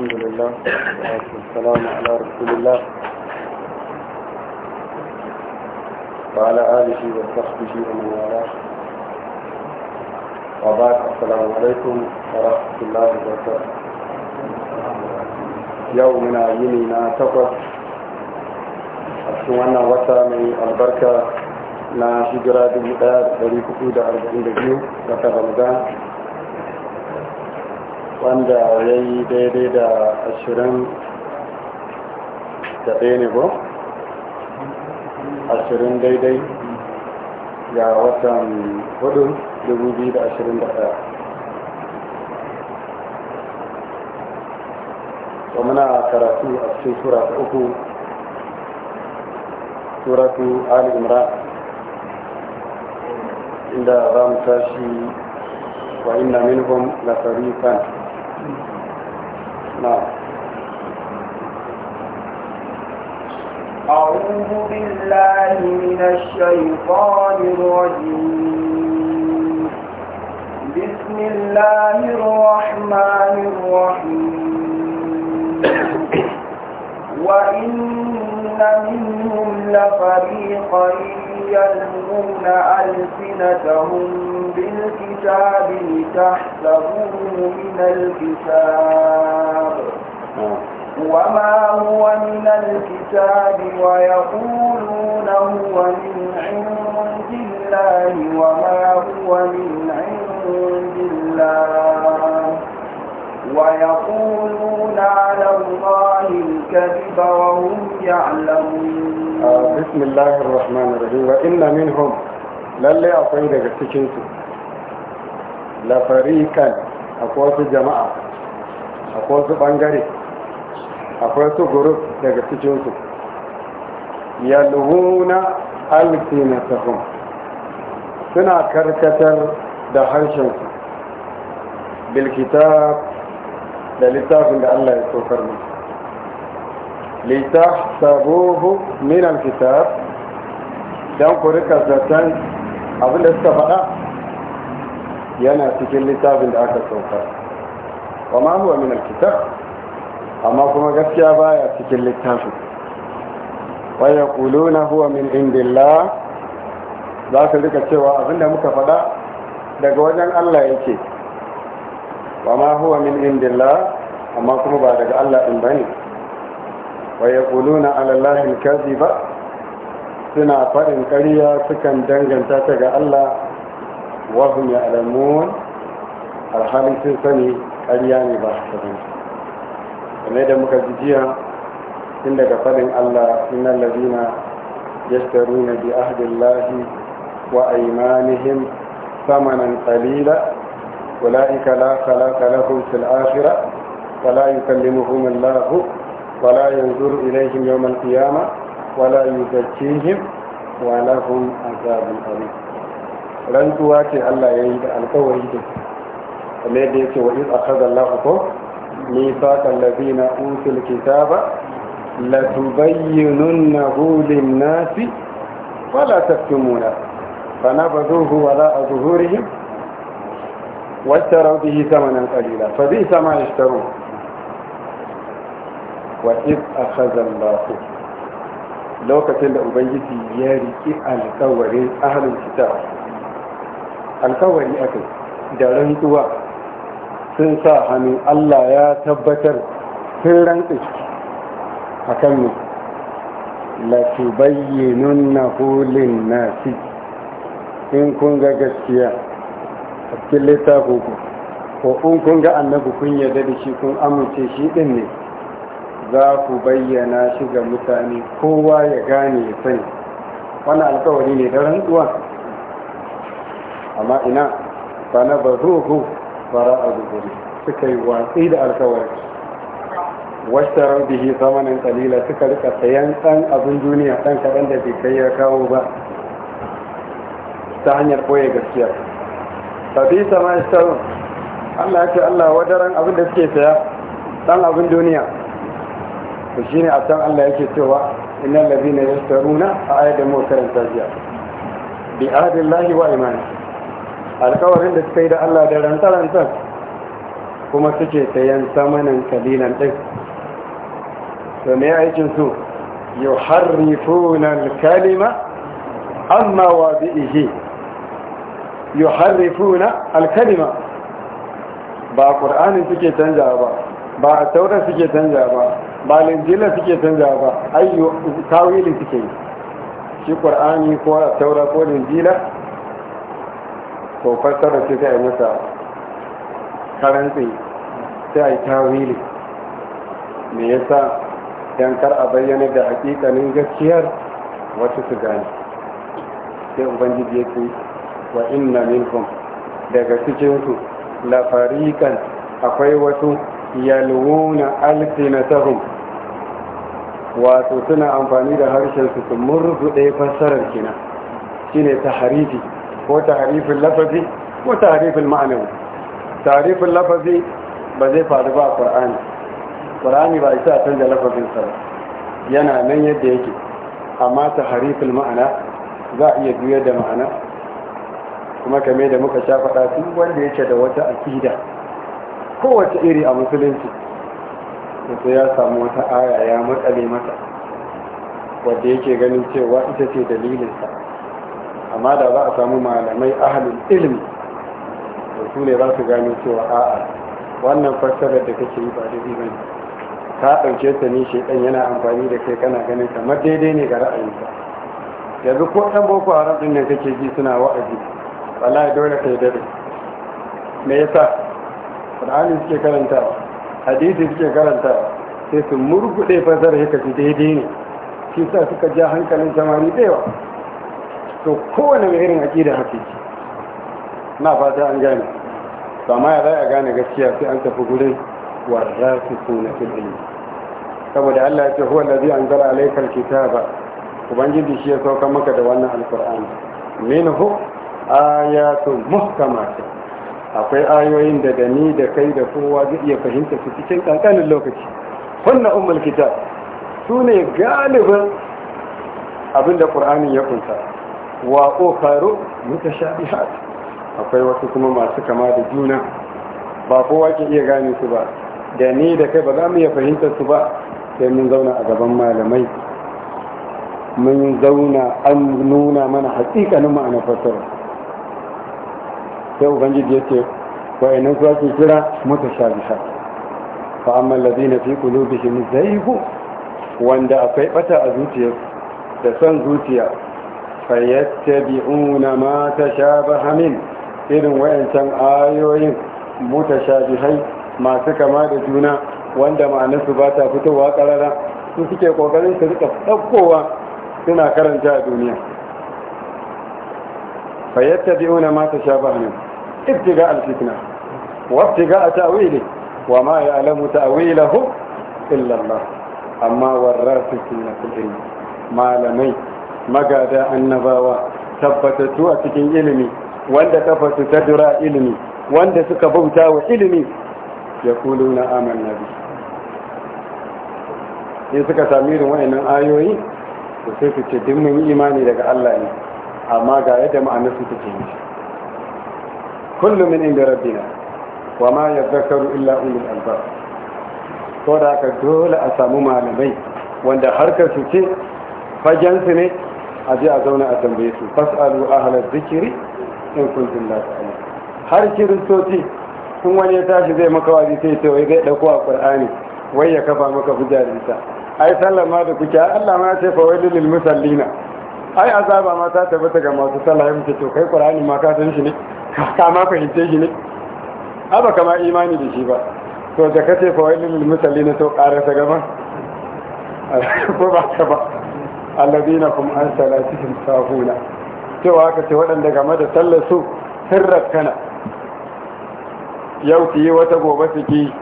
الحمد لله والسلام على رسول الله وعلى آله وصحبه ومن والاه وبعد السلام عليكم ورحمة الله وبركاته يومنا يمينا تقف أسوانا وسامي البركة na hijira 1442 wata رمضان wanda ya yi daidai da ashirin da ɗaya ne ba ashirin daidai ga watan hudu dubu biyu da ashirin da ɗaya to muna karatu a cikin sura ta uku suratu ali imran inda za mu tashi wa inna minhum la fariqan نعم أعوذ بالله من الشيطان الرجيم بسم الله الرحمن الرحيم وإن منهم لفريقا يلمون ألسنتهم بالكتاب لتحسبوه من الكتاب وما هو من الكتاب ويقولون هو من عند الله وما هو من عند الله ويقولون على الله الكذب وهم يعلمون آه، بسم الله الرحمن الرحيم وإن منهم للي أطيدك السكنسو lafarikan akwai wasu jama'a akwai wasu bangare akwai wasu guruf daga cikinsu yalwuna alfinatahum suna karkatar da harshensu bilkitab da littafin da Allah ya saukar Littafin litahsabuhu min alkitab don ku rika zaton abinda suka faɗa yana cikin littafin da aka sauka wa ma huwa min alkitab amma kuma gaskiya baya cikin littafin wa yaquluna huwa min indillah za ka rika cewa abinda muka faɗa daga wajen Allah yake wa ma huwa min indillah amma kuma ba daga Allah din bane wa yaquluna ala allahi alkaziba suna faɗin ƙarya sukan danganta ta ga Allah wahum ya alamun alhali sun sani ƙarya ne ba su sani kamar da muka ji jiya tun daga faɗin allah innan lazina yashtaruna bi ahdillahi wa aymanihim ثمنا قليلا أولئك لا خلاق لهم في الآخرة ولا يكلمهم الله ولا ينظر إليهم يوم القيامة ولا يزكيهم ولهم عذاب أليم rantsuwa ce Allah ya yi da alkawari da kamar yadda yake wa iz akhadha Allahu ko mithaqal ladina utul kitaba la tubayyinunnahu lin-nasi wa la taktumuna yi sama zuhurihim واشتروا به ثمنا قليلا فبئس ما يشترون وإذ أخذ الله لو كتل أبيتي يا ركي الكوري أهل الكتاب alkawari akai da rantsuwa sun sa hannu Allah ya tabbatar sun rantsu a kan mu latubayyinun na hulin nasi in kun ga gaskiya a cikin littafi ku ko in kun ga annabi kun yarda da shi kun amince shi din ne za ku bayyana shi ga mutane kowa ya gane ya sani wannan alkawari ne da rantsuwa amma ina fa na ba zuhu fara a zuhuri suka yi watsi da alkawari washtarar bihi zamanin kalila suka rika sayan ɗan abin duniya ɗan kaɗan da bai kai ya kawo ba ta hanyar koya gaskiya tafi sama ishtarun allah ya ce allah wadaran abin da suke saya ɗan abin duniya to shine a can allah yake cewa innan labina ya staruna a ayat da mu karanta jiya bi ahadillahi wa imani alkawarin da suka yi da Allah da rantarantar kuma suke sayan samanin kalilan ɗin da mai aikin su yau harrifunan kalima amma wa ihe yau harrifuna alkalima ba a ƙur'anin suke canja ba ba a taura suke canja ba ba a linjila suke canja ba ayyu suke yi shi ƙur'ani ko a taura ko linjila Ko fassara ce sai a masa karantsi sai a yi tawili me yasa yan kar a bayyana da hakikanin gaskiyar wasu su gane sai ubangiji ya ce wa inna minkum daga cikinsu lafarikan akwai wasu yalwuna alfinatahum wato suna amfani da harshen su murzu ɗaya fassarar kina shine ta harifi ko taharifin lafazi ko taharifin ma'anawi taharifin lafazi ba zai faru ba a ƙur'ani. ba isa canza lafazinsa ba yana nan yadda yake amma taharifin ma'ana za a iya juyar da ma'ana kuma kame da muka sha faɗa duk wanda yake da wata akida kowace iri a musulunci sai ya samu wata aya ya matsale masa wadda yake ganin cewa ita ce dalilinsa amma da za a samu malamai ahalin ilimi da su ne za su gano cewa a'a wannan fassarar da kake yi ba da ba ne ka ɗauke ta ni ɗan yana amfani da kai kana ganin kamar daidai ne ga ra'ayinka yanzu ko ɗan boko haram ɗin da kake ji suna wa'azi wallahi dole kai dare me yasa qur'ani suke karantawa hadisi suke karantawa sai su murguɗe fassarar ya daidai ne shi sa suka ja hankalin samari da to kowane mai irin aƙida haka yake na fata an gane ba ma ya za a gane gaskiya sai an tafi gurin warra su suna fil ilmi saboda Allah ya ce huwa zara anzala kita kitaba ubangiji shi ya sauka maka da wannan ya minhu ayatun muhkamatun akwai ayoyin da da da kai da kowa zai iya fahimta su cikin kankanin lokaci wannan ummul kitab su ne galibin abinda qur'ani ya kunsa wa ukharu mutashabihat akwai wasu kuma masu kama da juna ba kowa ke iya gane su ba da ni da kai ba za mu iya fahimtar su ba sai mun zauna a gaban malamai mun zauna an nuna mana hakikanin ma'ana fasar sai ubangiji ya ce wa'annan su ake kira mutashabihat fa amma na fi za'i zayg wanda akwai bata a zuciyarsu da son zuciya فيتبعون ما تشابه منه irin wayancan ayoyin mutashabihai masu kama da juna wanda ma'anarsu ba ta fitowa karara su suke kokarin su rika ɗaukowa suna karanta a duniya fayyatta biyu na mata shabar ne ibtiga alfitna wabtiga a ta'wili wa ma ya alamu amma malamai magada annabawa tabbatattu a cikin ilimi wanda kafatu ta dura ilimi wanda suka bauta wa ilimi ya kulu na aman nabi in suka sami irin wa'annan ayoyi su sai su ce dimmin imani daga Allah ne amma ga yadda ma'anar su take ne kullum min inda rabbina wa ma ya yadhakkaru illa ulul albab ko da aka dole a samu malamai wanda harkar su ce fagen su ne a je a zauna a tambaye su fasalu ahla zikiri in kuntum la ta'lamun har kiristoci kun wani ya tashi zai maka wazi sai ce wai zai dauko alqur'ani wai ya kafa maka hujjarinsa ai sallama ma da kuke Allah ma ya ce fa wailul lil musallina ai azaba ma ta tabbata ga masu sallah ya mutu to kai qur'ani ma ka san shi ne ka ma fahimce shi ne aba kama imani da shi ba to da kace fa wailul lil musallina to karasa gaba. ko ba ta ba alladina kuma an salatihim sahuna cewa aka ce waɗanda game da sallar su sirrar kana yau ki yi wata gobe su ki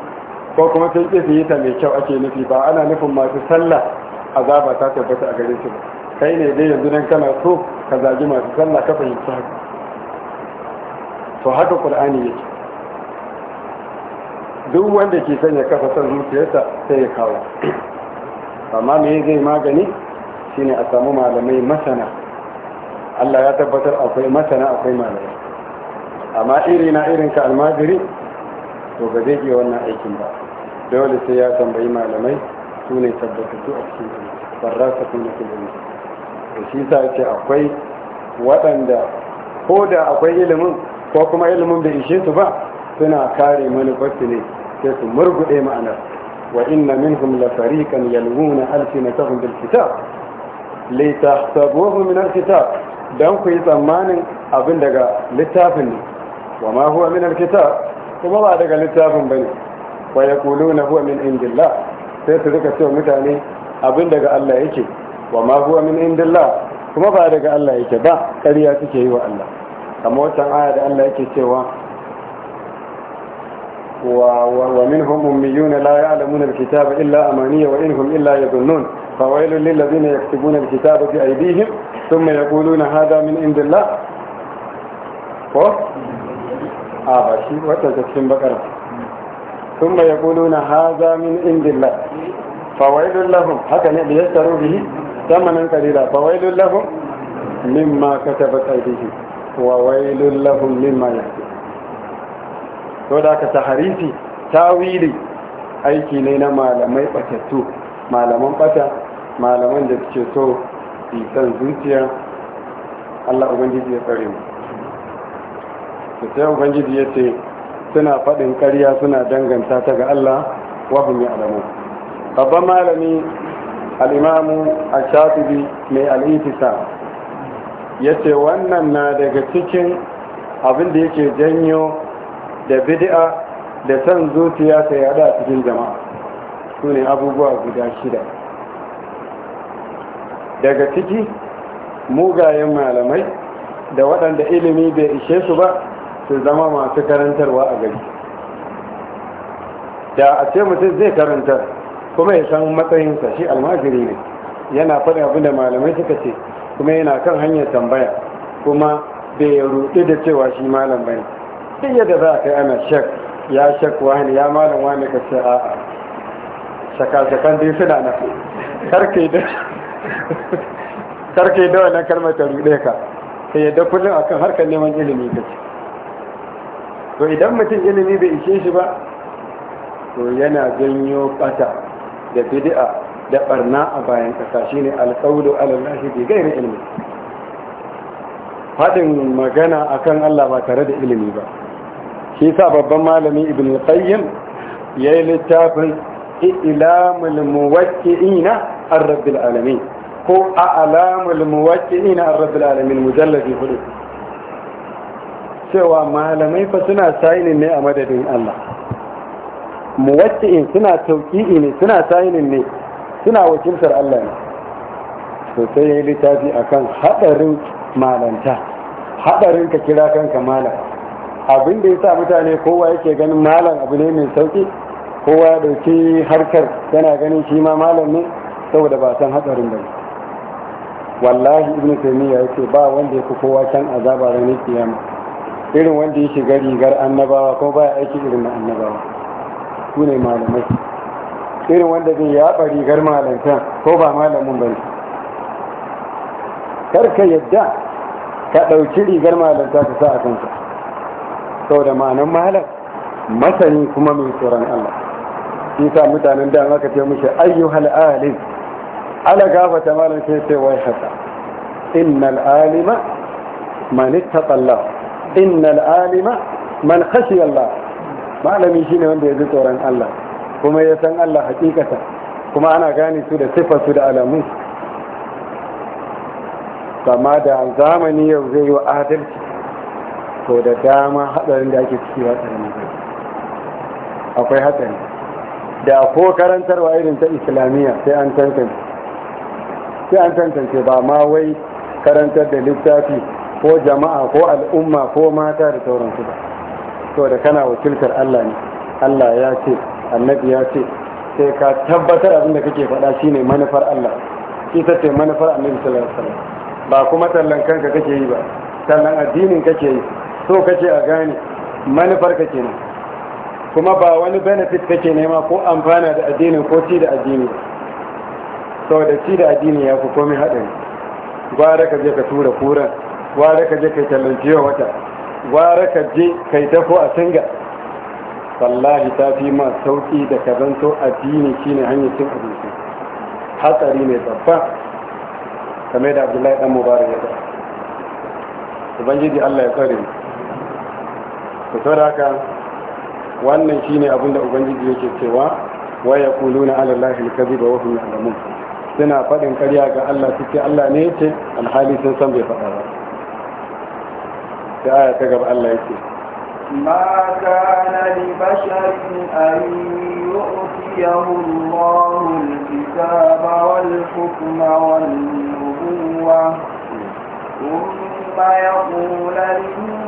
ko kuma sun ƙi su yi ta mai kyau ake nufi ba ana nufin masu sallah azaba ta tabbata a gare su kai ne dai yanzu nan kana so ka zagi masu sallah ka fahimci haka to haka qur'ani yake duk wanda ke sanya kafa son zuciyarsa sai ya kawo amma me zai magani shine a samu malamai masana Allah ya tabbatar akwai masana akwai malamai amma iri na irin ka almajiri to ba zai iya wannan aikin ba dole sai ya tambayi malamai su ne tabbatattu a cikin barrasa su na ilimin da shi sa ce akwai waɗanda ko da akwai ilimin ko kuma ilimin bai ishe su ba suna kare manufarsu ne sai su murguɗe ma'anar wa inna minhum la fariqan yalwuna alsinatahum bil kitab sabuwa min alkitab dan ku yi tsammanin abin daga littafin ne wa ma huwa min alkitab kuma ba daga littafin bane wa yaquluna huwa min indillah sai su rika cewa mutane abin daga Allah yake wa ma huwa min indillah kuma ba daga Allah yake ba ƙarya suke yi wa Allah kamar wancan aya da Allah yake cewa ومنهم أميون لا يعلمون الكتاب إلا أمانية وإنهم إلا يظنون فويل للذين يكتبون الكتاب بأيديهم ثم يقولون هذا من عند الله آباشي وتجسم بقرة ثم يقولون هذا من عند الله فويل لهم حتى ليشتروا به ثمنا قليلا فويل لهم مما كتبت أيديهم وويل لهم مما يكتبون sau da aka taharifi tawili aiki ne na malamai batattu malaman bata malaman da suke so san zuciya allah ubangiji ya tsare mu sai ubangiji ya ce suna faɗin ƙarya suna danganta ta ga allah wahun ya alamu babban malami al'imamu a shafi mai al'intisa ya ce wannan na daga cikin abin da yake janyo da bid'a da san zuciya ta yada a cikin jama'a su ne abubuwa guda shida daga ciki mugayen malamai da waɗanda ilimi bai ishe su ba su zama masu karantarwa a gari da a ce mutum zai karanta kuma ya san matsayinsa shi almajiri ne yana faɗi abin da malamai suka ce kuma yana kan hanyar tambaya kuma bai ruɗu da cewa shi malam bane sai yadda za ka yi ana shek ya shak wani ya malam wani ka ce a shakashakan dai suna na karke da wannan karmar ta rude ka sai yadda kullum a kan harkar neman ilimi ka ce to idan mutum ilimi bai ishe shi ba to yana janyo bata da bidi'a da barna a bayan ƙasa shine alƙawlu alallahi bi ghairi ilimi faɗin magana akan Allah ba tare da ilimi ba shi sa babban malami ibn qayyim yi littafin ilamul muwaqqi'ina an rabbil alamin ko a a'lamul muwaqqi'ina an rabbil alamin mujalladi hudu cewa malamai fa suna sayinin ne a madadin Allah muwaqqi'in suna tauqi'i ne suna sayinin ne suna wakiltar Allah ne Sosai ya yi littafi akan hadarin malanta hadarin ka kira kanka malam abin da ya sa mutane kowa yake ganin malam abu ne mai sauki kowa ya dauki harkar yana ganin shi ma malam ne saboda ba san hatsarin bane wallahi ibnu taymiya yace ba wanda yake kowa can azaba da ne kiyama irin wanda ya shiga rigar annabawa ko baya aiki irin na annabawa su ne malamai irin wanda zai yaba rigar malamtan ko ba malamin kar karka yadda ka ɗauki rigar malamta ka sa a kansa saboda ma'anan malam masani kuma mai tsoron Allah shi sa mutanen da aka ce mushi ayyuhal alim ala ta malam sai sai wai haka innal alima man ittaqa innal alima man khashiya Allah malami shine wanda ya ji tsoron Allah kuma ya san Allah hakikata kuma ana gane su da sifar su da alamu, sama da zamani yau zai yi wa adalci to da dama hadarin da ake ciki ba tsarni akwai hatsari da ko karantarwa irin ta islamiyya sai an tantance sai an tantance ba ma wai karantar da littafi ko jama'a ko al'umma ko mata da sauransu ba to da kana wakiltar Allah ne Allah ya ce annabi ya ce sai ka tabbatar abin da kake faɗa shine manufar Allah ita ce manufar annabi sallallahu alaihi wasallam ba kuma tallan kanka kake yi ba tallan addinin kake yi so kace a gane manufar ka kenan kuma ba wani benefit kake nema ko amfana da addinin ko ci da addini sau da ci da addini ya fi komai haɗari gwara ka je ka tura kura gwara ka je ka yi wata gwara ka je ka yi dafo a singa wallahi ta fi ma sauƙi da ka zanto addini shine hanyar cin abinci hatsari ne babba kamar da abdullahi dan mubarak ya ubangiji allah ya tsare mu ku sauraka wannan shine abin da ubangiji yake cewa wa yaquluna ala allahi al-kadhiba wa ya'lamun suna faɗin ƙarya ga Allah suke Allah ne ya ce alhali sun san bai faɗa ba ta aya ta gaba Allah yake ما كان لبشر أن يؤتيه الله الكتاب والحكم والنبوة ثم يقول للناس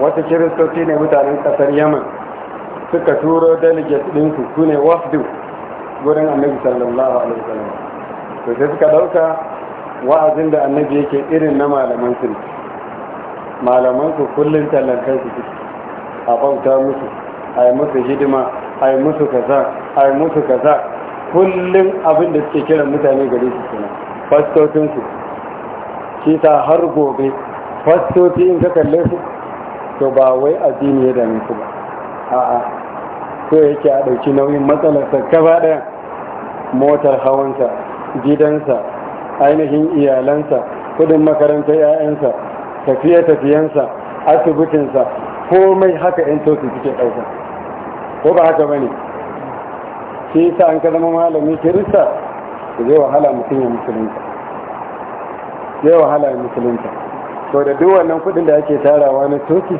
wata kiristoci ne mutanen kasar yaman suka turo delegate ɗinsu su ne wasu gurin annabi sallallahu alaihi wasallam to sai suka dauka wa'azin da annabi yake irin na malaman su malaman su kullun tallankan su a bauta musu a yi musu hidima a yi musu kaza a yi musu kaza kullun abin da suke kiran mutane gari su suna. fastocinsu shi ta har gobe fastoci in ka kalle su to ba wai addini ya dame ku ba a'a ko yake a ɗauki nauyin matsalarsa gaba ɗaya motar hawansa gidansa ainihin iyalansa kudin makarantar 'ya'yansa tafiye-tafiyensa asibitinsa komai haka 'yan su suke ɗauka ko ba haka ba ne shi sa an ka zama malami kirista zai wahala mutum ya musulunta zai wahala ya musulunta to da duk wannan kudin da ake tarawa na toki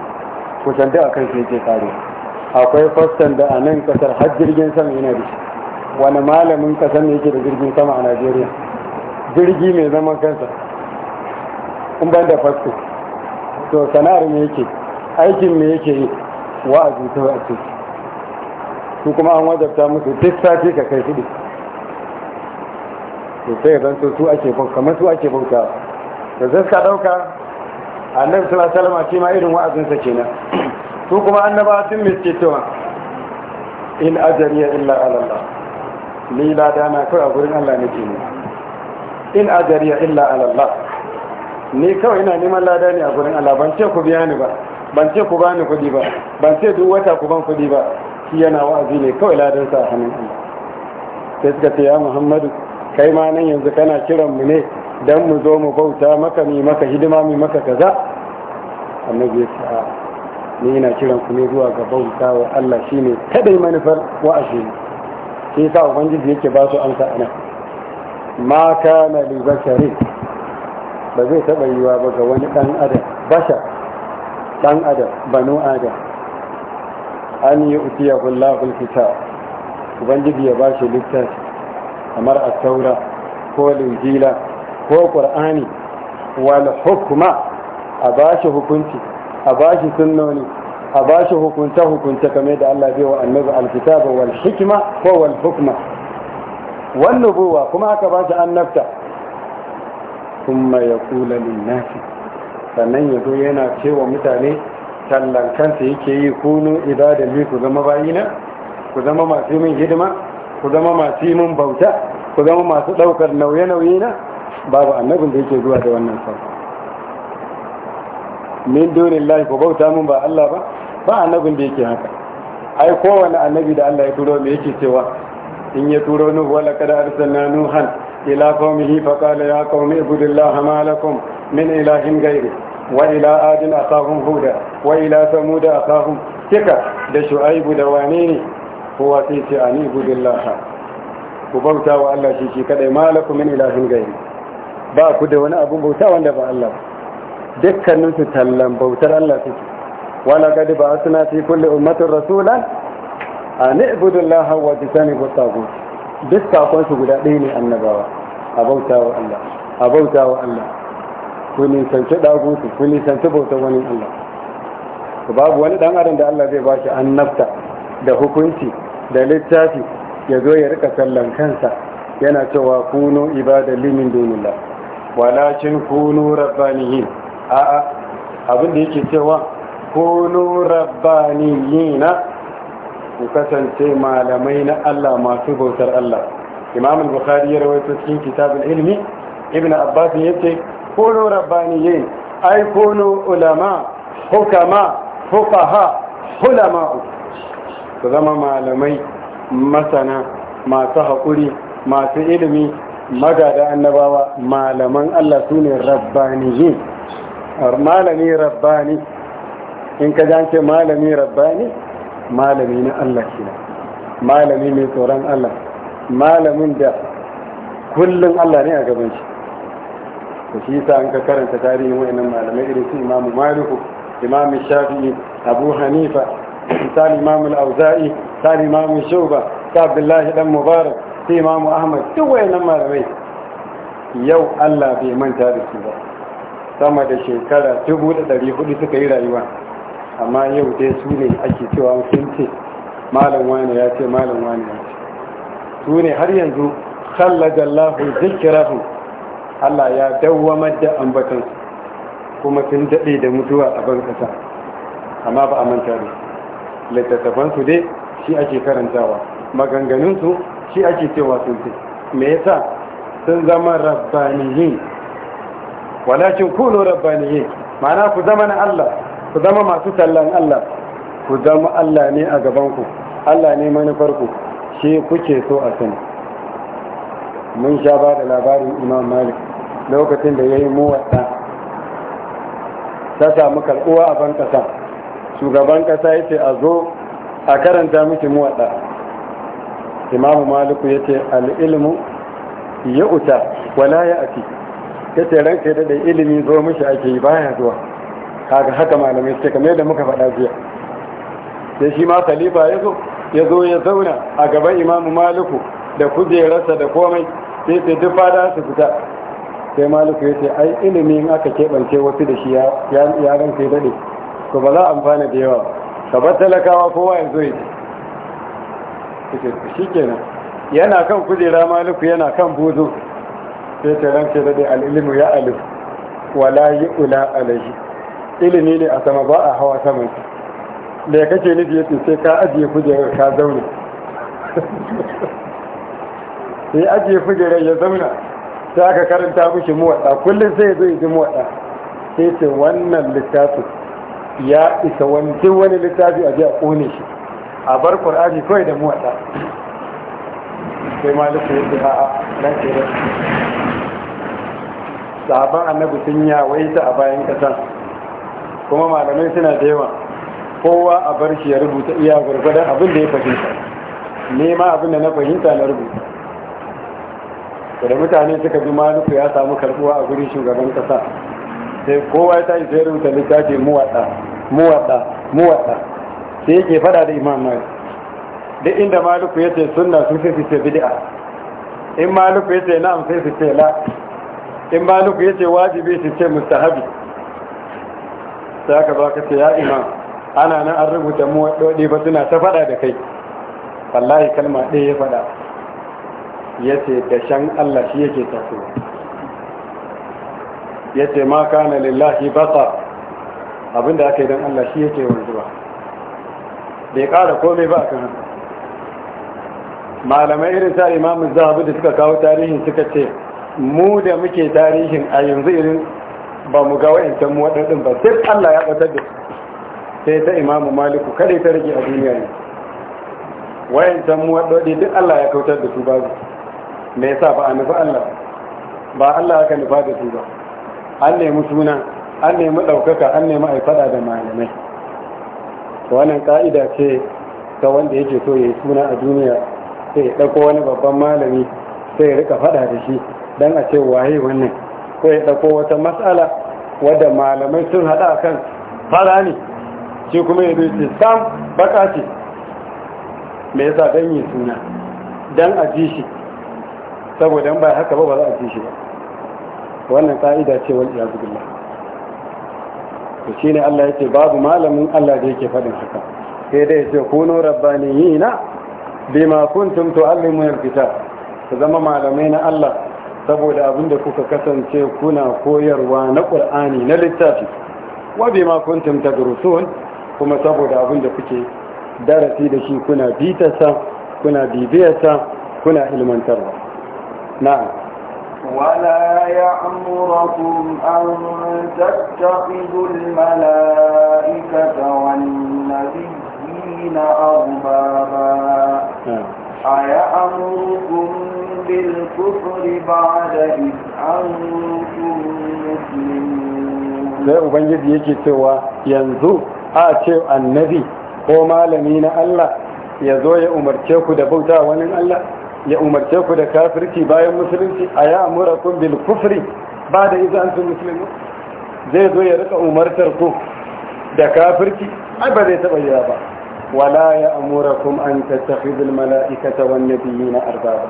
kusan da akan shi yake tare akwai fastan da a nan kasar har jirgin sama yana da shi wani malamin kasar ne yake da jirgin sama a najeriya jirgi mai zaman kansa in ban da fasto to sana'ar me yake aikin me yake yi wa wa'azi a wa'azi su kuma an wajabta musu duk sati ka kai kudi to sai zan so su ake bauta kamar su ake bauta da zai dauka annabi sallallahu alaihi wasallam shi ma irin wa'azinsa kenan to kuma annaba sun miske to in ajariya illa ala Allah ni lada na kawai a gurin Allah nake ne in ajariya illa ala Allah ni kawai ina neman lada ne a gurin Allah ban ce ku biya ni ba ban ce ku bani kuɗi ba ban ce duk wata ku ban kuɗi ba shi yana wa'azi ne kawai ladan sa a hannun Allah sai suka ce ya Muhammadu kai ma nan yanzu kana kiran mu ne don mu zo mu bauta maka mi maka hidima mi maka kaza annabi ya ce ni ina kiran ku ne zuwa ga bauta wa Allah shine kadai manufar wa'azi sai sa ubangiji yake ba su amsa ana ma kana li bashari ba zai taɓa yiwa ba ga wani ɗan adam bashar ɗan adam banu adam an yi utiya kullahul kitab ubangiji ya ba shi littafi kamar taura ko linjila ko ƙur'ani wal hukma a bashi hukunci a bashi sunnoni a bashi hukunta hukunta kamar da Allah bai wa annabi alkitaba wal hikima ko wal hukuma. wan nubuwa kuma aka bashi annabta kuma ya kula linnasi sannan ya zo yana cewa mutane tallan kansa yake yi kunu ibadan li ku zama bayina ku zama masu min hidima ku zama masu min bauta ku zama masu ɗaukar nauye-nauye na babu annabin da yake zuwa da wannan sako min dunillahi ko bauta mun ba Allah ba ba annabin da yake haka ai kowane annabi da Allah ya turo me yake cewa in ya turo nuhu wala kada arsalna nuhan ila qaumihi fa qala ya qaumi ibudullaha ma lakum min ilahin ghairi wa ila adin asahum huda wa ila samud asahum kika da shu'aibu da wane ne ko wace ce ani ibudullaha ku bauta wa Allah shi shi kadai ma lakum min ilahin ghairi ba ku da wani abin bauta wanda ba Allah dukkanin su tallan bautar Allah suke wala gadi ba suna fi kulle ummatin rasulan a ni ibudullah wa ta sani ko sako duk sakon su guda ɗaya ne annabawa a bauta wa Allah a bauta wa Allah ku nisanci ɗagusu ku nisanci bautar wani Allah ku babu wani ɗan adam da Allah zai ba shi annabta da hukunci da littafi ya zo ya rika sallan kansa yana cewa kuno ibada limin dunillah walakin kunu rabbaniyin a'a abin da yake cewa kunu rabbaniyina ku kasance malamai na Allah masu bautar Allah imam al-bukhari ya rawaito cikin kitabul ilmi ibn abbas yace kunu rabbaniyin ay kunu ulama hukama fuqaha ulama ku zama malamai masana masu haƙuri masu ilimi magada annabawa malaman Allah su ne rabbaniyin malami rabbani in ka jance malami rabbani malami na Allah shi malami mai tsoron Allah malamin da kullum Allah ne a gaban shi to shi sa an ka karanta tarihin wayannan malamai irin su Imam Malik Imam Shafi'i Abu Hanifa misali Imam Al-Auza'i misali Shuba ta Abdullahi dan Mubarak sai Mamu ahmad duk wayannan malamai yau allah bai manta da su ba sama da shekara 1400 suka yi rayuwa amma yau dai su ne ake cewa sun ce malam wani ya ce malam wani ya ce su ne har yanzu khallajallahu zikirahu allah ya dawwamar da ambatan kuma sun daɗe da mutuwa a ban kasa amma ba a manta da littattafansu dai shi ake karantawa maganganunsu shi ake cewa sufi me yasa sun zama rabbaniyin walakin kunu rabbaniyin ma'ana ku zama na Allah ku zama masu tallan Allah ku zama Allah ne a gabanku Allah ne manufarku shi kuke so a sani mun sha ba da labarin imam malik lokacin da ya yi muwatsa ta samu karɓuwa a ban ƙasa shugaban ƙasa ya ce a zo a karanta miki muwatsa imamu maliku ya ce al'ilmu ya uta wala ya ati ya ce ranka daɗa ilimi zo mishi ake yi baya zuwa kaga haka malamai suke kamar yadda muka faɗa jiya da shi ma khalifa ya zo ya zauna a gaban imamu maliku da kujerarsa da komai sai sai duk fada su fita sai maliku ya ce ai ilimi in aka keɓance wasu da shi ya ranke ya daɗe to ba za a amfana da yawa ka bar talakawa kowa ya zo ya ce suke shi kenan yana kan kujera maluku yana kan buzu ya ce ran ce dai al'ilimu ya alif wala yi ula alaihi ilimi ne a sama ba a hawa saman da ya kake nufi yace sai ka ajiye kujerar ka zauna sai ajiye kujerar ya zauna sai aka karanta mushi muwaɗa kullum sai zo yi muwaɗa sai ce wannan littafin ya isa wani wani littafi a ji a ƙone shi a bar qur'ani kawai da muwaɗa sai maliku ya yi a'a na ke da sahaban annabi sun ta a bayan ƙasan. kuma malamai suna da yawa kowa a bar shi ya rubuta iya gwargwadon abin da ya fahimta nema abin da na fahimta na rubuta da mutane suka bi maluku ya samu karbuwa a guri shugaban kasa sai kowa ta isa rubuta littafi muwaɗa muwaɗa muwaɗa sai yake fada da imam malik duk inda maliku ya ce sunna sun fi fice bid'a in maliku ya ce na'am sai fice la in maliku ya ce wajibi su ce mustahabi sai aka ba ka ce ya imam ana nan an rubuta mu wadodi ba suna ta fada da kai wallahi kalma ɗaya ya fada ya ce da shan Allah shi yake tafi ya ce ma kana lillahi basa abinda aka yi don Allah shi yake wanzuwa bai kara komai ba kan malamai irin sa imamu zahabu da suka kawo tarihin suka ce mu da muke tarihin a yanzu irin ba mu ga wa'ancan mu waɗanɗin ba duk allah ya ɓatar da sai ta imamu maliku kada ta rage a duniya ne wa'ancan mu waɗanɗi duk allah ya kautar da su ba me yasa ba a nufi allah ba allah ya ka nufa da su ba an nemi suna an nemi ɗaukaka an nemi aifada da malamai wannan ka'ida ce ta wanda yake so ya yi suna a duniya sai ya ɗauko wani babban malami sai ya rika faɗa da shi don a ce waye wannan ko ya ɗauko wata matsala wadda malamai sun haɗa a kan fara ne shi kuma ya zo ce sam baka ce me yasa don yi suna don a ji shi saboda ba haka ba ba za a ji shi ba wannan ka'ida ce wani iyazu billah to shine Allah yake babu malamin Allah da yake faɗin haka sai dai yace kunu rabbaniyina bima kuntum tu'allimuna fita ku zama malamai na Allah saboda abin da kuka kasance kuna koyarwa na Qur'ani na littafi wa bima kuntum tadrusun kuma saboda abin da kuke darasi da shi kuna bitarsa kuna bibiyarsa kuna ilmantarwa na'am ولا يأمركم أن تتخذوا الملائكة والنبيين أربابا أيأمركم بالكفر بعد إذ أنتم sai ubangiji yake cewa yanzu a ce annabi ko malami na Allah ya zo ya umarce ku da bauta wani Allah ya umarce ku da kafirci bayan musulunci a ya kun bil kufri ba da iza an sun musulmi zai zo ya rika umartar ku da kafirci ai ba zai taɓa yiwa ba wala ya kun an tattakhidul mala'ikata wan na arbaba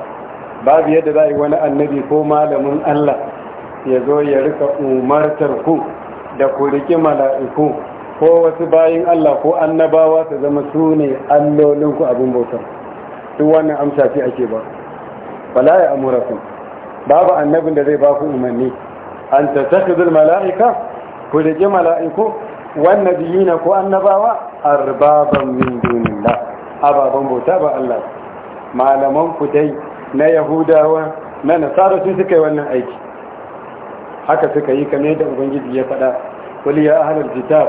babu yadda za a yi wani annabi ko malamin Allah ya zo ya rika umartar ku da ku riki mala'iku ko wasu bayin Allah ko annabawa su zama su ne allolinku abin bautar duk wannan amsa ce ake ba wala ya amurakum babu annabin da zai ba ku umarni an tattakhidul mala'ika ku ke mala'iku wan nabiyina ko annabawa arbaban min dunillah ababan bauta ba Allah malaman ku dai na yahudawa na nasara sun suka yi wannan aiki haka suka yi kamar da ubangiji ya faɗa qul ya ahlal kitab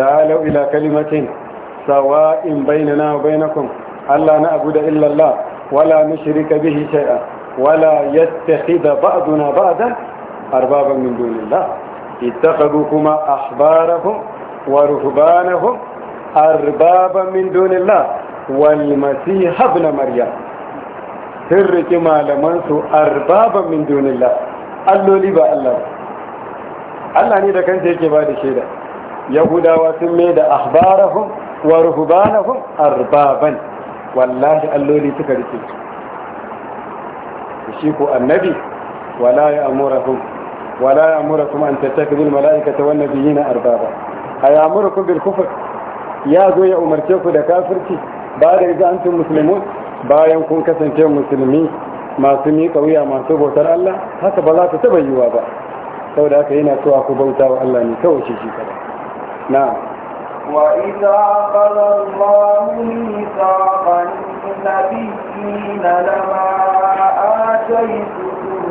ta'alu ila kalimatin sawa'in bainana wa Allah na abu da illallah wala na shirika shai'a wala ya tafi da ba'aduna ba'adan arbaban min dunillah ittakhadhu kuma akhbarahum wa ruhbanahum arbaban min dunillah wal masih ibn maryam sirriki malaman su arbaban min dunillah alloli ba Allah Allah ne da kanta yake ba da shaida yahudawa sun mai da akhbarahum wa ruhbanahum arbaban wallahi alloli suka rike shi ku annabi wala ya amurakum wala ya amurakum an tattakidul mala'ikata wan nabiyina arbaba ay amurukum bil kufr ya zo ya umarce ku da kafirci ba da idan antum muslimun bayan kun kasance musulmi masu miƙa wuya masu bautar Allah haka ba za ta taba yiwa ba saboda haka yana so ku bauta wa Allah ne kawai shi shi kada na'am وإذا أخذ الله ميثاقا للنبيين لما آتيتكم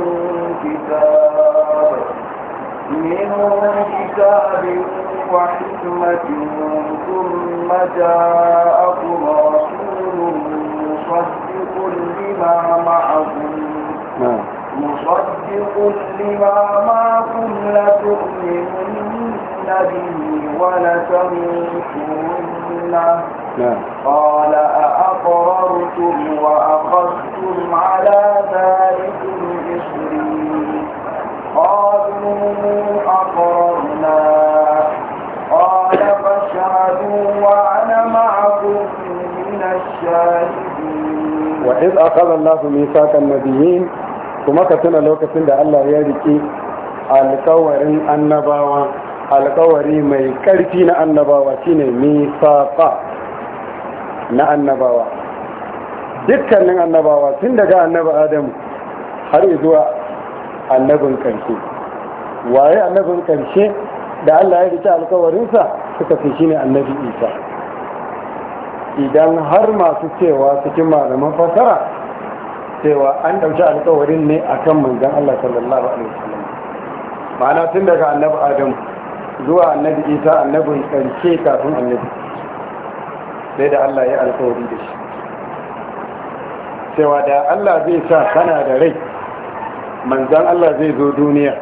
من كتاب من كتاب وحكمة ثم جاءكم رسول مصدق لما معكم نعم. مصدق لما معكم لتؤمنن به ولتموتن نعم. قال أأقررتم وأخذتم على ذلكم إصري قالوا أقررنا قال فاشهدوا وأنا معكم من الشاهدين وإذ أخذ الله ميثاق النبيين kuma ka tuna lokacin da Allah ya riki alkawarin annabawa alkawari mai ƙarfi na annabawa shine misafa na annabawa dukkanin annabawa tun daga annaba adamu har zuwa annabin ƙarshe waye annabin ƙarshe da Allah ya rike alkawarinsa suka fi shine annabi isa idan har masu cewa cikin malaman fasara cewa an ɗauki alkawarin ne akan manzan Allah sallallahu alaihi wasallam ma'ana tun daga annabi adamu zuwa annabi isa annabin karshe kafin annabi sai da allah ya alkawari da shi cewa da allah zai sa kana da rai manzan allah zai zo duniya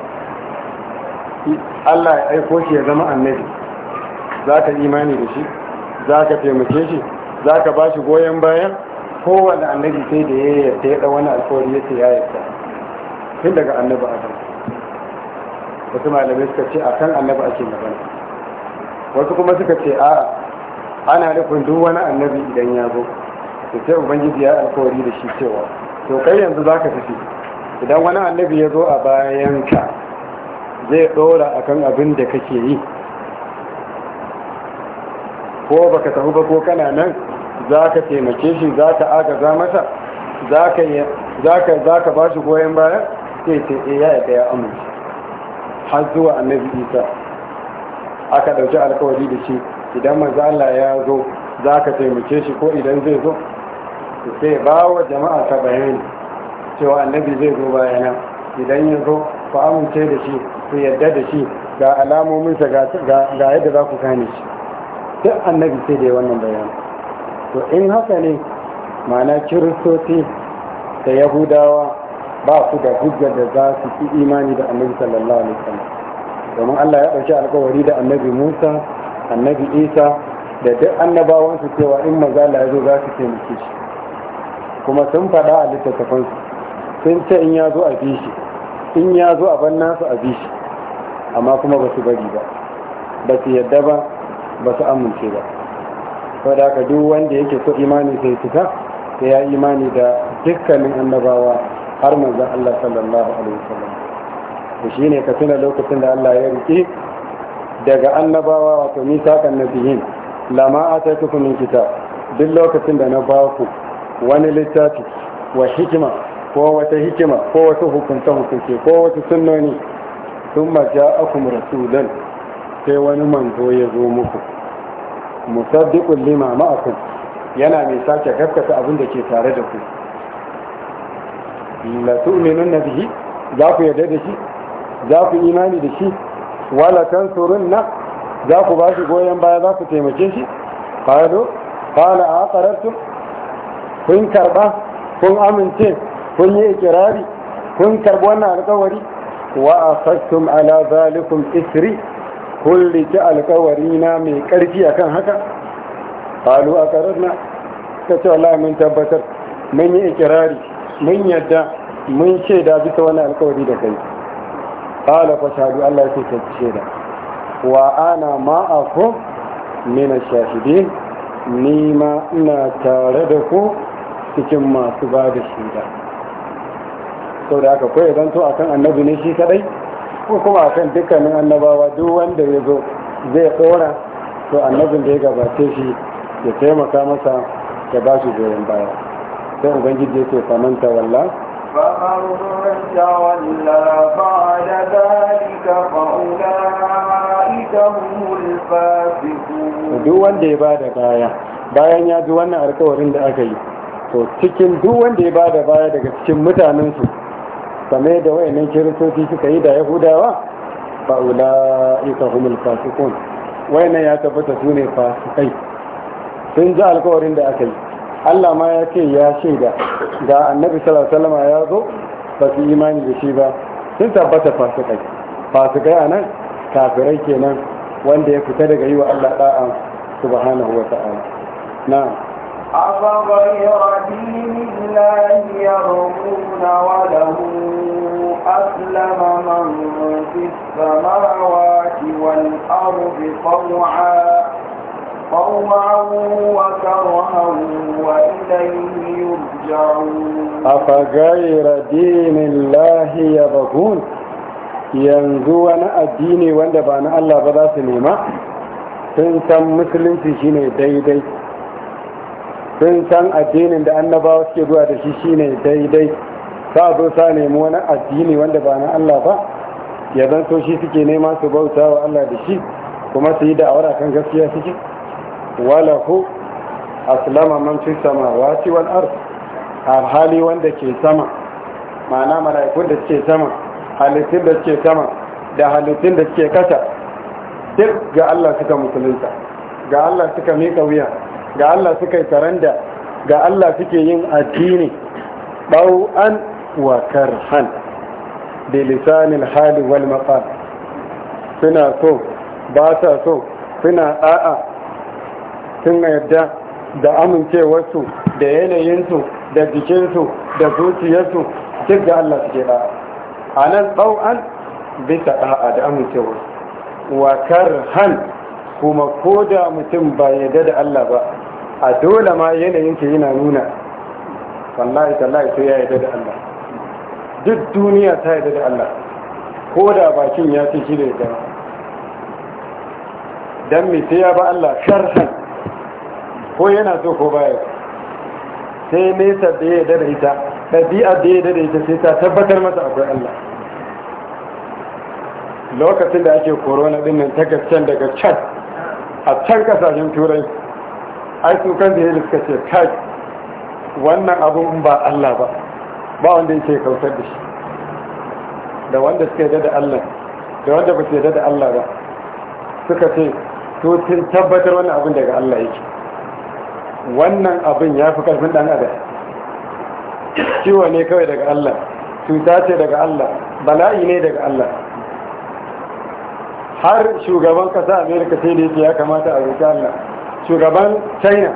allah ya aiko shi ya zama annabi za ka imani da shi za ka taimake shi za ka ba shi goyon bayan kowane annabi sai da ya yarda ya ɗan wani alkawari ya ce ya ta tun daga annabi adam wasu malamai suka ce a kan annabi ake magana wasu kuma suka ce a ana nufin duk wani annabi idan ya zo da sai ubangiji ya alkawari da shi cewa to kai yanzu za ka tafi idan wani annabi ya zo a bayanka zai dora kan abin da kake yi ko baka tafi ba ko kana nan za ka taimake shi za ka agaza masa za ka ba shi goyon baya sai sai eh, ya yi ya amince har zuwa annabi isa aka ɗauki alkawari da shi idan manzo Allah ya zo za ka taimake shi ko idan zai zo sai ba wa jama'a ka bayani cewa annabi zai zo bayana idan ya zo ku amince da shi ku yadda da shi ga alamominsa ga yadda za ku gane shi duk annabi sai da wannan bayani to in haka ne ma'ana kiristoci da yahudawa ba su da hujjar da za su fi imani da annabi sallallahu alaihi wasallam domin Allah ya dauki alkawari da annabi Musa annabi Isa da duk annabawan su cewa in maza la yazo za su taimake shi kuma sun faɗa a littattafan su sun ce in ya a bi shi in ya a ban nasu a bi shi amma kuma ba su bari ba ba su yadda ba ba su amince ba saboda ka duk wanda yake so imani sai fita sai ya imani da dukkanin annabawa har manzan Allah sallallahu alaihi wasallam to shine ka tuna lokacin da Allah ya rike daga annabawa wato misakan nabiyin lama ataitukum min kitab duk lokacin da na ba ku wani littafi wa hikima ko wata hikima ko wata hukunta hukunce ko wata sunnoni sun maja akum rasulan sai wani manzo ya zo muku musaddiqul lima ma'akum yana mai sake gaskata abin da ke tare da ku la tu'minu nabihi za ku yarda da shi za ku imani da shi wala tansurunna za ku ba shi goyon baya za ku taimake shi qalu qala aqarartum kun karba kun amince kun yi ikirari kun karbi wannan alƙawari wa akhadtum ala zalikum isri kun rike alƙawari na mai ƙarfi akan haka qalu ta kace wallahi mun tabbatar mun yi ikirari mun yadda mun ce shaida bisa wani alkawari da kai qala fa shahadu Allah yake ta da wa ana ma'akum min ash ni ma ina tare da ku cikin masu ba da shida sau da aka koya to akan annabi ne shi kadai ko kuma akan dukkanin annabawa duk wanda ya zo zai tsora to annabin da ya gabace shi ya taimaka masa ya ba shi goyon baya sai ubangiji yake famanta walla duk wanda ya bada baya bayan ya ji wannan alkawarin da aka yi to cikin duk wanda ya bada baya daga cikin mutanensu same da wayannan kiristoci suka yi da yahudawa fa'ula'ika humul fasikun wayannan ya tabbata su ne fasikai sun ji alkawarin da aka yi Allah ma ya ce ya shaida da annabi sallallahu alaihi ya zo ba su imani da shi ba sun tabbata fasikai fasikai a nan kafirai kenan wanda ya fita daga yi wa Allah da'a subhanahu wa ta'ala na'am أفغير دين الله يرغون وله أسلم من في السماوات والأرض طوعا طوعا وكرها وإليه يرجعون أفغير دين الله يبغون yanzu wani addini wanda ba na Allah ba za su nema sun san musulunci shine daidai sun san addinin da annabawa suke zuwa da shi shine daidai sa zo sa nemi wani addini wanda ba na Allah ba ya zan so shi suke nema su bauta wa Allah da shi kuma su yi da'awar kan gaskiya suke walahu aslama man fi samawati wal ard hali wanda ke sama ma'ana mala'ikun da suke sama halittun da suke sama da halittun da suke kasa duk ga Allah suka musulunta ga Allah suka mika wuya ga Allah suka yi taranda ga Allah suke yin addini an wa karhan da lisanin hali wal maqam suna so ba sa so suna a'a sun yadda da amincewarsu da yanayinsu da jikinsu da zuciyarsu duk da Allah suke da'a a nan tsawon bisa ɗa'a da amincewa wa han kuma ko da mutum ba yadda da Allah ba a dole ma yanayinsa yana nuna wallahi tallahi sai ya yadda da Allah duk duniya ta yadda da Allah ko da bakin ya fi shi da dama, don mai sai ya ba Allah han. ko yana so ko baya sai nesa da ya yarda da ita ɗabi'ar da ya yarda da ita sai ta tabbatar masa akwai Allah lokacin da ake korona din nan ta gaskiyar daga chad a can kasashen turai ai su kan da suka ce kai wannan abun ba Allah ba ba wanda yake kautar da shi da wanda suka yi da Allah da wanda ba su yi da Allah ba suka ce to tabbatar wannan abin daga Allah yake wannan abin ya fi karfin dan adam ciwo ne kawai daga Allah cuta ce daga Allah bala'i ne daga Allah har shugaban kasa amerika sai da yake ya kamata a roƙi Allah shugaban china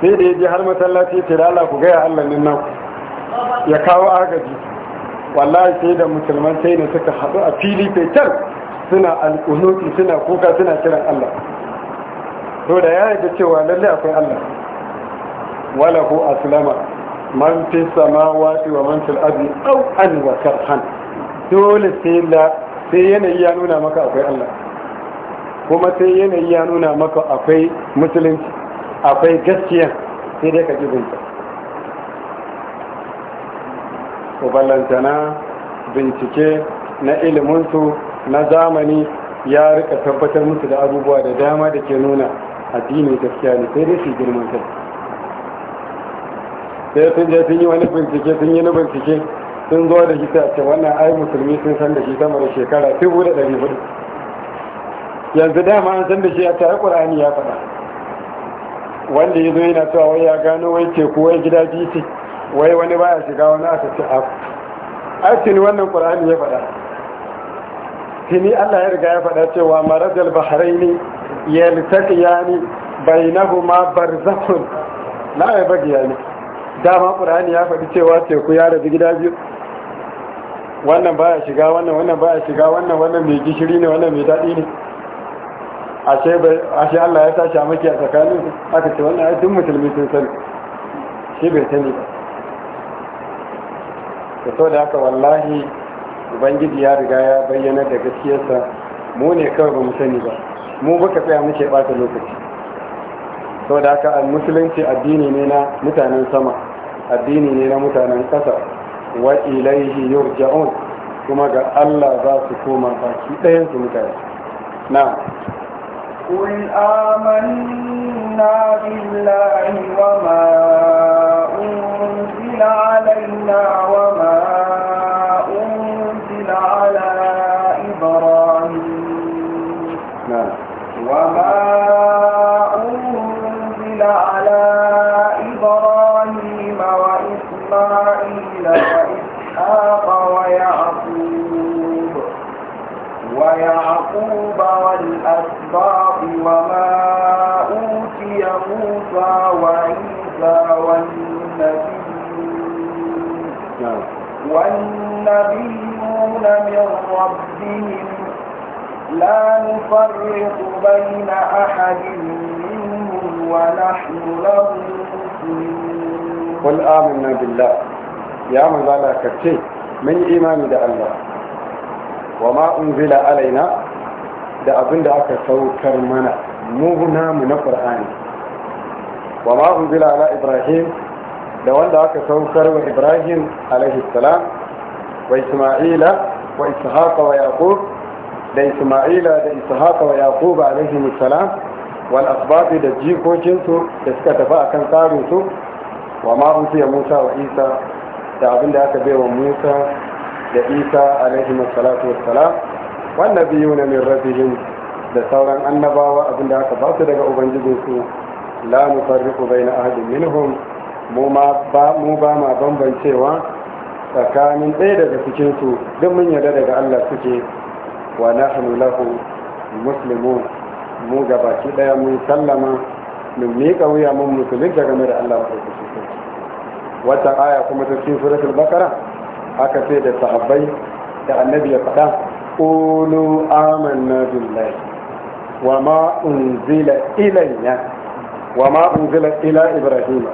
sai da yake har masallaci ya ce da Allah ku gaya Allah nin nan ya kawo agaji wallahi sai da musulman china suka haɗu a fili fetar suna alƙunuti suna kuka suna kiran Allah to da ya da cewa lallai akwai Allah walahu aslama man fi samawati wa man fil ardi aw an wa karhan dole sai la sai yanayi ya nuna maka akwai Allah kuma sai yanayi ya nuna maka akwai musulunci akwai gaskiya sai dai ka ji binta uballantana bincike na iliminsu na zamani ya rika tabbatar musu da abubuwa da dama da ke nuna addini gaskiya ne sai dai su girman kai sai sun je sun yi wani bincike sun yi na bincike sun zo da shi ta ce wannan ai musulmi sun san da shi sama da shekara dubu da ɗari hudu yanzu dama an san da shi a tare ƙur'ani ya faɗa wanda ya zo yana cewa wai ya gano wai ko wai gida biyu ce wai wani baya shiga wani aka ce a aikin wannan ƙur'ani ya faɗa tuni allah ya riga ya faɗa cewa marajal baharai ne yaltaƙiya ne ma barzakun na ya bagiya ne dama ƙura'ani ya faɗi cewa teku ya rabu gida biyu wannan baya shiga wannan wannan baya shiga wannan wannan mai gishiri ne wannan mai daɗi ne ashe Allah ya tashi a maki a tsakanin aka ce wannan aikin musulmi sun sani shi bai sani ba da so da haka wallahi ubangiji ya riga ya bayyana da gaskiyarsa mu ne kawai ba mu sani ba mu baka tsaya muke ɓata lokaci so da haka musulunci addini ne na mutanen sama addini ne na mutanen ƙasa wa ilaihi yurja'un kuma ga Allah za su koma baki ɗayan su mutane na قل آمن نفرق بين أحد منهم ونحن له مسلمون قل آمنا بالله يا من لا كتشي من إيمان دا الله وما أنزل علينا دا أبن دا أكا سوكر منا مغنا من القرآن وما أنزل على إبراهيم da wanda aka saukar wa Ibrahim alaihi salam wa Isma'ila wa Ishaq wa Yaqub da isma'ila da ishaqa wa yaqub alaihi salam wal asbab da jikokinsu da suka tafi akan tsarin su wa ma ya musa wa isa da abin da aka wa musa da isa alaihi salatu salam wal nabiyuna min rabbihim da sauran annabawa abin da aka ba su daga su la nufarriqu baina ahadin minhum mu ba ma bambancewa tsakanin ɗaya daga cikinsu duk mun yarda daga Allah suke ونحن له مسلمون موجبا كده يا مسلمة من ميكا ويا من مسلمين جمير الله وتا آية كما تسين سورة البقرة هكا سيد الصحابي يا النبي قال قولوا آمنا بالله وما أنزل إلينا وما أنزل إلى إبراهيم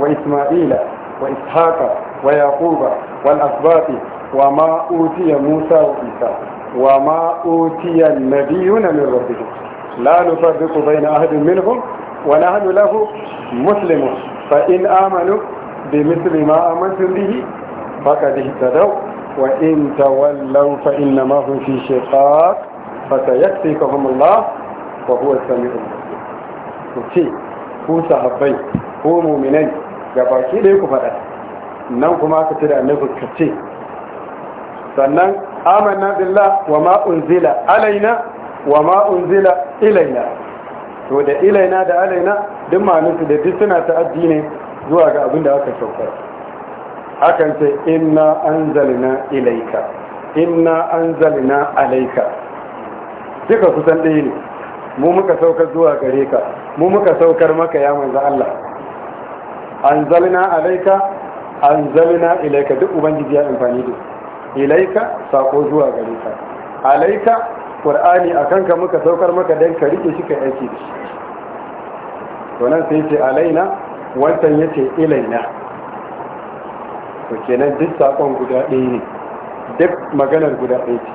وإسماعيل وإسحاق ويعقوب والأسباط وما أوتي موسى وإسحاق wa ma utiyan na biyu na min rabbi la nufarriqu bayna ahadin minhum wa nahnu lahu muslimun fa in amanu bi mithli ma amantum bihi faqad ihtadaw wa in tawallaw fa inna ma hum fi shiqaq fa sayakfikuhum Allah wa huwa samiul basir ce ku sahabbai ko mu'minai ga baki dai ku faɗa nan kuma ka tira annabi ka ce sannan amanna billah wa ma unzila alaina wa ma unzila ilaina to da ilaina da alaina duk ma'anarsu da duk suna ta'addi ne zuwa ga abin da aka saukar hakan ce inna anzalna ilaika inna anzalna alaika duka kusan ɗaya ne mu muka saukar zuwa gare ka mu muka saukar maka ya manzo Allah anzalna alaika anzalna ilaika duk ubangiji ya amfani da ilaika sako zuwa gare ka alaika qur'ani akan ka muka saukar maka dan ka rike shi ka aiki da shi to nan sai ce alaina wannan yace ilaina to kenan duk sakon guda ɗaya ne duk maganar guda ɗaya ce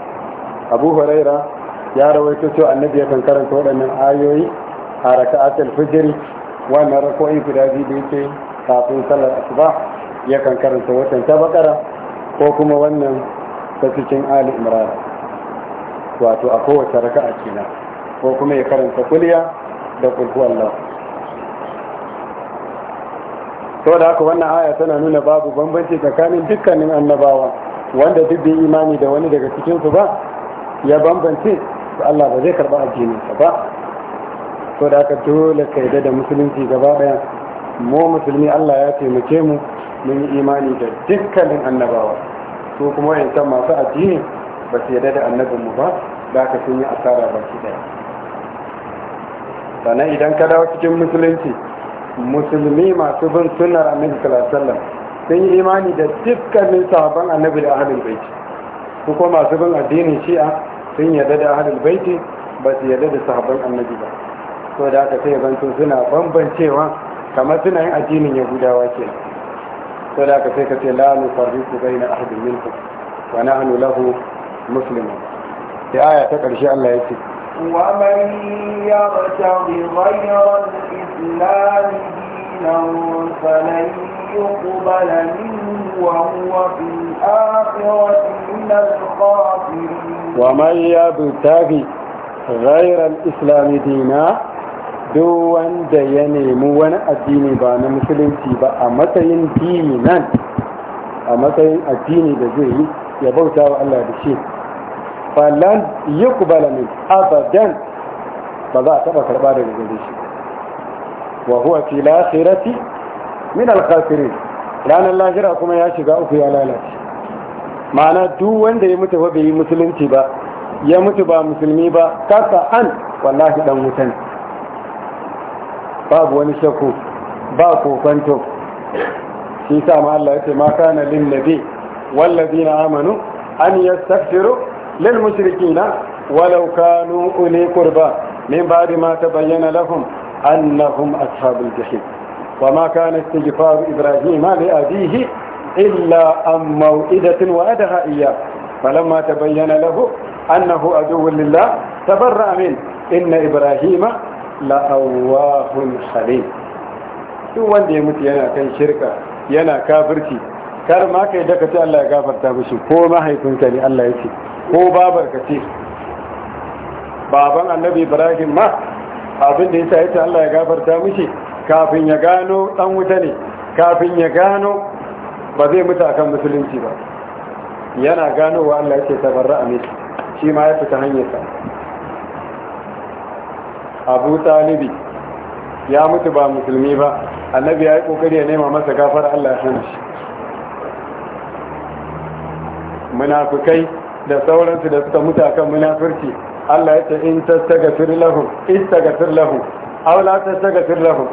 abu huraira ya rawaito cewa annabi yakan karanta waɗannan ayoyi a raka'atul fajr wannan rakoi guda biyu da yake kafin sallar asuba ya karanta watan ta bakara ko kuma wannan ta cikin ali imran wato a kowace raka'a kenan ko kuma ya karanta kuliya da kulkuwan lau to da haka wannan aya tana nuna babu bambanci tsakanin dukkanin annabawa wanda duk bin imani da wani daga cikinsu ba ya bambance su Allah ba zai karba addinin sa ba to da haka dole ka da musulunci gaba daya mu musulmi Allah ya taimake mu mun yi imani da dukkanin annabawa su kuma wayancan masu addini ba su yadda da annabinmu ba da aka sun yi asara ba su daya sannan idan ka dawo cikin musulunci musulmi masu bin sunar annabi sallallahu sun yi imani da dukkanin sahabban annabi da ahlul baiti su kuma masu bin addinin shi'a sun yadda da ahlul baiti ba su yadda da sahabban annabi ba so da aka sai zanto suna bambancewa kamar suna yin addinin yahudawa kenan ولكن فيك لا نفرق بين أحد منكم ونحن له مسلم في آية تقر شاء الله يكتب ومن يرتضي غير الإسلام دينا فلن يقبل منه وهو في الآخرة من الخاسرين ومن يبتغي غير الإسلام دينا duk wanda ya nemi wani addini ba na musulunci ba a matsayin dini nan a matsayin addini da zai yi ya bauta wa Allah da shi falan yi kubala min abadan ba za a taba karba daga gare shi wa huwa fi lakhirati min alkhasirin ranar lahira kuma ya shiga uku ya lalace ma'ana duk wanda ya mutu ba bai yi musulunci ba ya mutu ba musulmi ba kasa an wallahi dan wutan babu wani shakku ba kofanto shi sa ma Allah yace ma kana lin nabi wallazina amanu an yastaghfiru lil mushrikina walau kanu uli qurba min ba'di ma tabayyana lahum annahum ashabul jahim وما كان استغفار إبراهيم لأبيه إلا عن موئدة وأدها إياه فلما تبين له أنه عدو لله تبرأ منه إن إبراهيم la'awahun halim duk wanda ya mutu yana kan shirka yana kafirci kar ma kai da ka ce Allah ya gafarta mishi ko mahaifinka ne Allah ya ce ko babar ka ce baban annabi ibrahim ma abin da yasa yace Allah ya gafarta mishi kafin ya gano dan wuta ne kafin ya gano ba zai mutu akan musulunci ba yana ganowa Allah ya ce tabarra'a mishi shi ma ya fita hanyarsa abu talibi ya mutu ba musulmi ba annabi ya yi kokari ya nema masa gafar allah ya hana shi munafukai da sauransu da suka mutu akan munafurci allah ya ce in tastaghfir lahum istaghfir lahum aw la tastaghfir lahum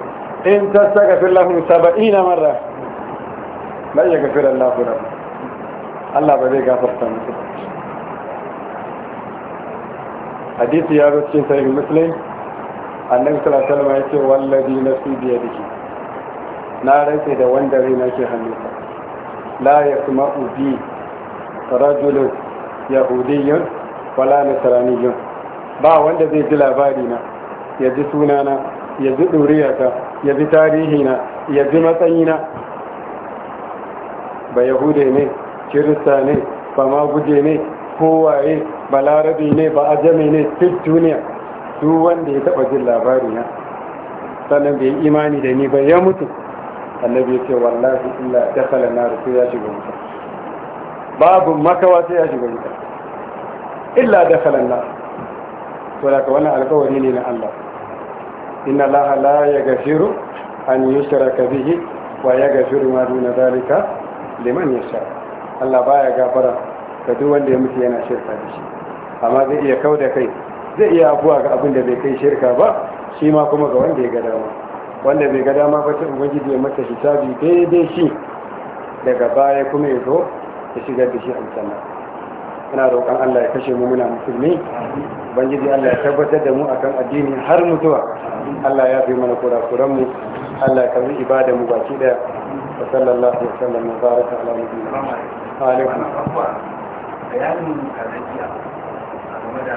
in tastaghfir lahum 70 marra la yaghfir allah lahum allah ba zai gafarta musu hadisi ya zo sai sahih muslim annabi sallallahu alaihi wasallam yace wallazi nafsi bi yadihi na rantsa da wanda rai nake hannu la yasma'u bi rajulun yahudiyyun wala nasraniyyun ba wanda zai ji labari na ya ji sunana ya ji ɗuriyata ya ji tarihi na, ya ji matsayina ba yahude ne kirista ne ba maguje ne kowaye ba larabi ne ba ajami ne duk duniya duk wanda ya taba jin labari na sannan bai imani da ni ba ya mutu annabi ya ce wallahi illa dakhala nar sai ya shiga wuta babu makawa sai ya shiga wuta illa dakhala nar to da wannan alƙawari ne na Allah inna Allah la yaghfiru an yushraka bihi wa yaghfiru ma duna zalika liman yasha Allah baya gafara ga duk wanda ya mutu yana shirka da shi amma zai iya kauda kai zai iya afuwa ga abin da bai kai shirka ba shi ma kuma ga wanda ya ga dama wanda bai ga dama ba ta ubangiji ya shi tabi daidai shi daga baya kuma ya zo ya shigar da shi aljanna ina roƙon Allah ya kashe mu muna musulmi ubangiji Allah ya tabbatar da mu akan addini har mutuwa Allah ya bi mana kurakuran mu Allah ya karbi ibada mu baki daya wa sallallahu alaihi wa sallam wa baraka ala nabiyyina Muhammad alaikum bayanin karajiya game da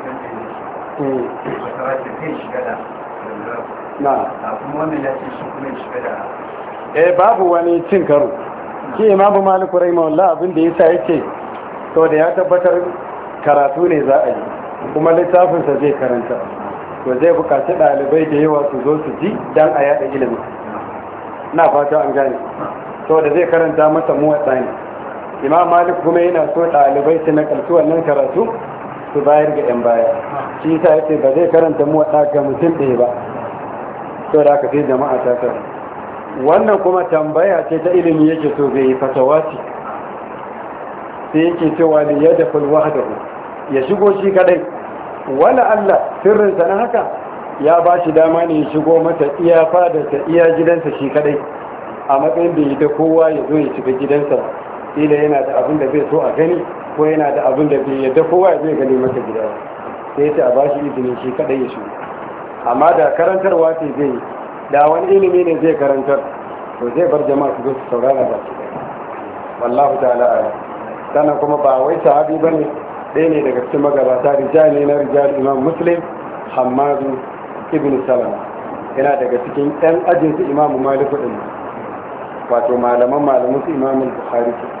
eh babu wani cin karo ki imamu maliku rahimahullah abin da yasa yake to da ya tabbatar karatu ne za a yi kuma littafinsa zai karanta to zai bukaci ɗalibai da yawa su zo su ji don a yada ilimi na fata an gane to da zai karanta masa muwatsa ne imam malik kuma yana so ɗalibai su na kalsu wannan karatu su bayar ga 'yan baya shi ta yace ba zai karanta mu ga mutum ɗaya ba to da aka fi jama'a ta kar wannan kuma tambaya ce ta ilimi yake so zai yi fatawa sai yake cewa ne ya dafa ku ya shigo shi kadai wala Allah sirrinsa na haka ya ba shi dama ne ya shigo mata iya fadarsa iya gidansa shi kadai a matsayin da ya ta kowa ya zo ya shiga gidansa ila yana da abin da bai so a gani ko yana da abin da bai yadda kowa ya zai gani masa gida sai ta ba shi izinin shi kadai ya shi amma da karantarwa ce zai da wani ilimi ne zai karantar to zai bar jama'a su zo su saurara da su wallahu ta'ala a sannan kuma ba wai sahabi ba ne ɗaya ne daga cikin magabata rijal ne na rijal imam muslim hammadu ibn salama yana daga cikin ɗan ajinsu imamu Malik ɗin wato malaman malamin su imamin ce.